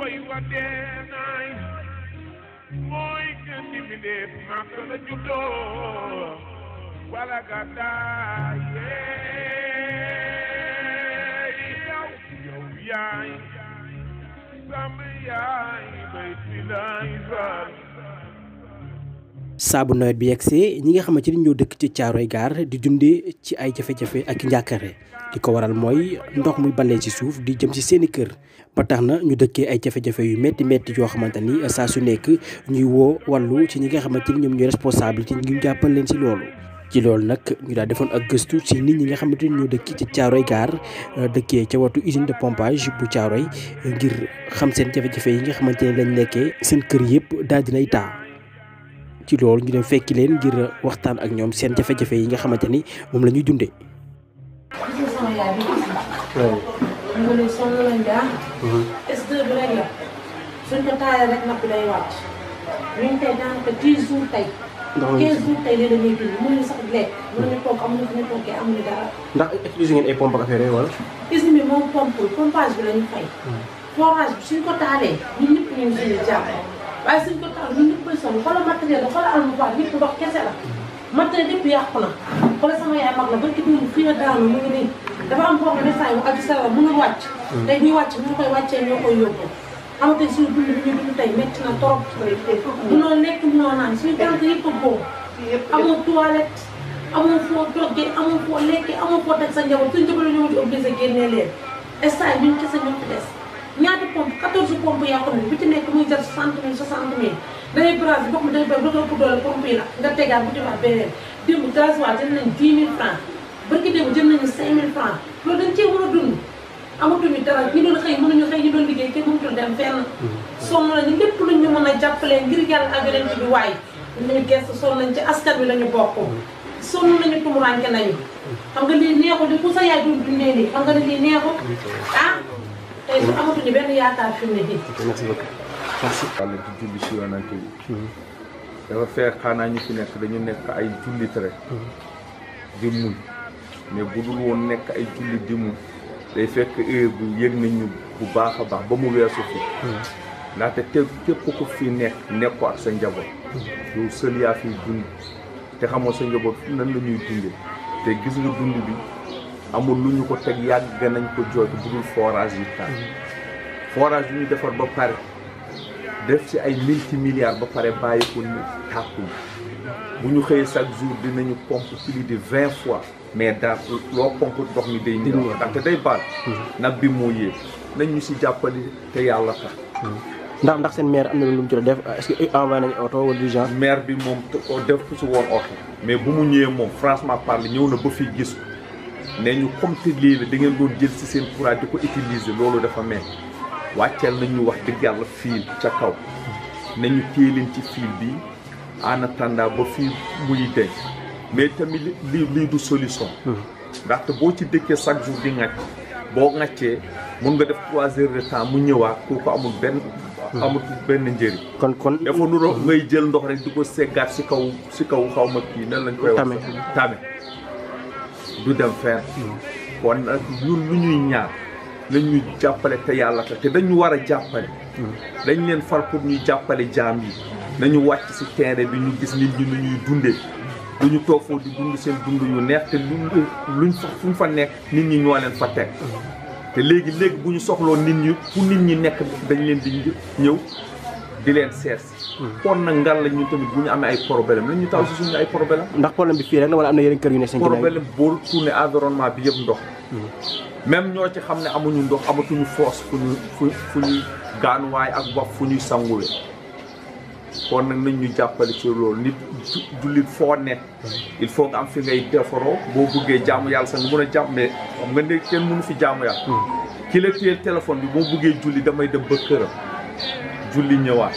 way wa dee naay mooy gën di mbindéef màkk la juddoo wala gàddaay yow yow yaay sam yaay bay fi laay saabu nawet bi yegsee ñi nga xamante ni ñoo dëkk ci caaroy gaar di dundee ci ay jafe-jafe ak njàkkare li ko waral mooy ndox mu balee ci suuf di jëm ci seeni kër ba tax na ñu dëkkee ay jafe-jafe yu metti metti yoo xamante ni saa su nekk ñuy wallu ci ñi nga xamante ni ñoom ñooy responsabilité ñu jàppal leen ci loolu ci loolu nag ñu daal defoon ak gëstu ci nit ñi nga xamante ni ñoo dëkk ci Caaroy gaar euh, dëkkee ca watu usine de pompage bu Caaroy ngir xam seen jafe-jafe yi nga xamante ni lañ nekkee seen kër yëpp daal dinay taa ci loolu ñu dem fekki leen ngir waxtaan ak ñoom seen jafe-jafe yi nga xamante ni moom lañuy ñuy dundee. suñ ko taalee rek napp day wàcc ñun tey daanaka 10 jours tey. 15 jours tey léeg ñu toogee amuñu dara. ndax utiliser ngeen ay pompe ak affaire wala. usine moom pompe pompage bi la ñu fay. forage suñ ko taalee ñun ñëpp ñu ngi jàpp waaye suñ ko taal ñun sonn xoolal matériel bi xoolal armoire lépp ndox kese la matériel lépp yàqu na xoolal sama yaay mag ba barki diwlu fii a daanu mu ngi nii dafa am koo xam ne saa yi mu aju sala mënul wàcc hmm. tey ñuy wàcc ñu koy wàccee ñoo koy yóbbu amate suñu dund bi ñu dund tey métti na trop mënoo lekk mënoo naan suñu tànk yëpp a boobu amoo toilette amoo foo doggee amoo foo lekkee amoo foo teg sa njaboot suñu njaboot ñoo ci obligé génnee leen instant bi ñu kese ñoo ci des ñaati pompe 14 pompe yàqu bi ci nekk mu jar 60 mille 60 day branché ndox mi day doon ba nga ko doole pompe yi nag nga tegaat bu jëmaat beneen démb gasoil jël nañ 10 000 francs barki démb jël nañu 5 000 francs loolu dañ cee war a dund amatuñu dara ñu doon xëy mënuñu xëy ñu doon liggéey kenn mënutul dem fenn. Mm-hmm. sonn nañu lépp lu ñu mën a jàppalee ngir yàlla ak yeneen ci bi waay ñu gëstu sonn nañ ci askan wi la ñu bokk. Mm-hmm. sonn nañu tumuraanke nañu. Mm-hmm. xam nga lii neexul di ku sa yaay du dundee nii xam nga lii neexul ah tey su amatuñu benn yaakaar fi mu ne nii. merci. wàlla di julli si yonante dafa fekk xanaa ñu fi nekk dañu nekk ay jullit rek mhm. di muñ mais bu dul woon nekk ay jullit di muñ day fekk heure bu yëg nañu bu baax a baax ba mu weesu fi mhm. ndaxte te képp ku fi nekk nekk ko ak sa njaboot mhm. yow sël yaa fiy dund te xamoo sa njaboot nan la ñuy dundee te gis nga dund bi amul lu ñu ko teg yàgg nañ ko jooytu bu dul yi taan forage yu ñu defar ba pare def ci ay multi milliards ba pare bàyyi ko ni tàkkul bu ñu xëyee chaque jour dinañu pompe plus de vingt fois mais daal loo pompe ndox mi day ñëw ndaxte day baal hmm. nag bi moo yéeg nañ ñu si jàppale te yàlla tax hmm. ndax ndax seen maire am na lu mu jot def est-ce que eh, nañu oto wala du genre maire bi moom def fu si woon oto mais bu mu ñëwee moom franchement parlé ñëw na ba fii gis ko ne ñu comme te lii la da ngeen doon jël si seen courage di ko utiliser loolu dafa mel wàcceel nañu wax dëgg yàlla fiil ca kaw nañu téye leen ci fiil bi en attendant ba fii muy deñ mais tamit li lii du solution ndaxte boo ci dëkkee chaque jour di ŋàcc boo ŋàccee mun nga def trois heures temps mu ñëwaat kooku amul benn amul benn njëriñ kon kon dafa ngay jël ndox rek di ko seggaat si kaw si kaw xaw ma kii nan lañ koy wax tame du dem fenn mm. kon nag lu ñuy ñaar nañ jàppale te yàlla te dañu war a jàppale hmm. dañ leen far pour ñu jàppale jaam yi nañu wàcc si terrain bi ñu gis nit ñi nu ñuy dundee du ñu toog di dund seen dund yu neex te lu luñ fa fu ñu fa nekk nit ñi ñoo leen fa teg hmm. te léegi léegi bu ñu soxloo nit ñi pour nit ñi nekk dañ leen di ñëw di leen seet hmm. kon nag ngal la ñun tamit bu ñu amee ay problème la ñu taw si suñu ay problème ndax problème bi fii rek la wala am na yeneen kër yu ne seen problème boo tourné environnement bi yëpp ndox même ñoo ci xam ne amuñu ndox amatuñu foos fu ñu ñuy gaanuwaay ak bopp fu ñuy sanguwe kon nag nañ ñu jàppali ci loolu nit jullit foo ne il faut nga am fi ngay defaroo boo bëggee jaamu yàlla sa nga mën a jàmm mais xam nga ne kenn mënu fi jaamu yàlla hmm. ki la téye téléphone bi boo bëggee julli damay dem ba këram julli ñëwaat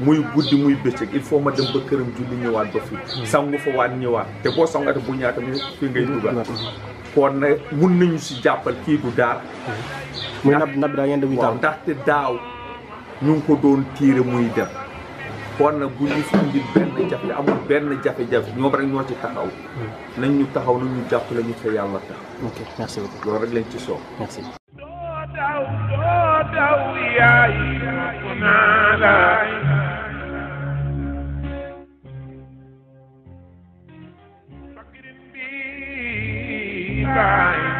muy guddi muy bëccëg il faut ma dem ba këram julli ñëwaat ba fii hmm. sangu fa waat ñëwaat te boo sangatee bu ñaata fi ngay hmm. dugal kon nag mun nañu ci jàppal kii du daar muy nab nab daa ngeen di wiy ndaxte daaw ñu ko doon tiire muy dem kon nag bu ñu fi indi benn jafe amul benn jafe-jafe ñoom rek ñoo ci taxaw nañ ñu taxaw nañ ñu jàppale ñu fa yàlla tax loolu rek lañ ci soow time.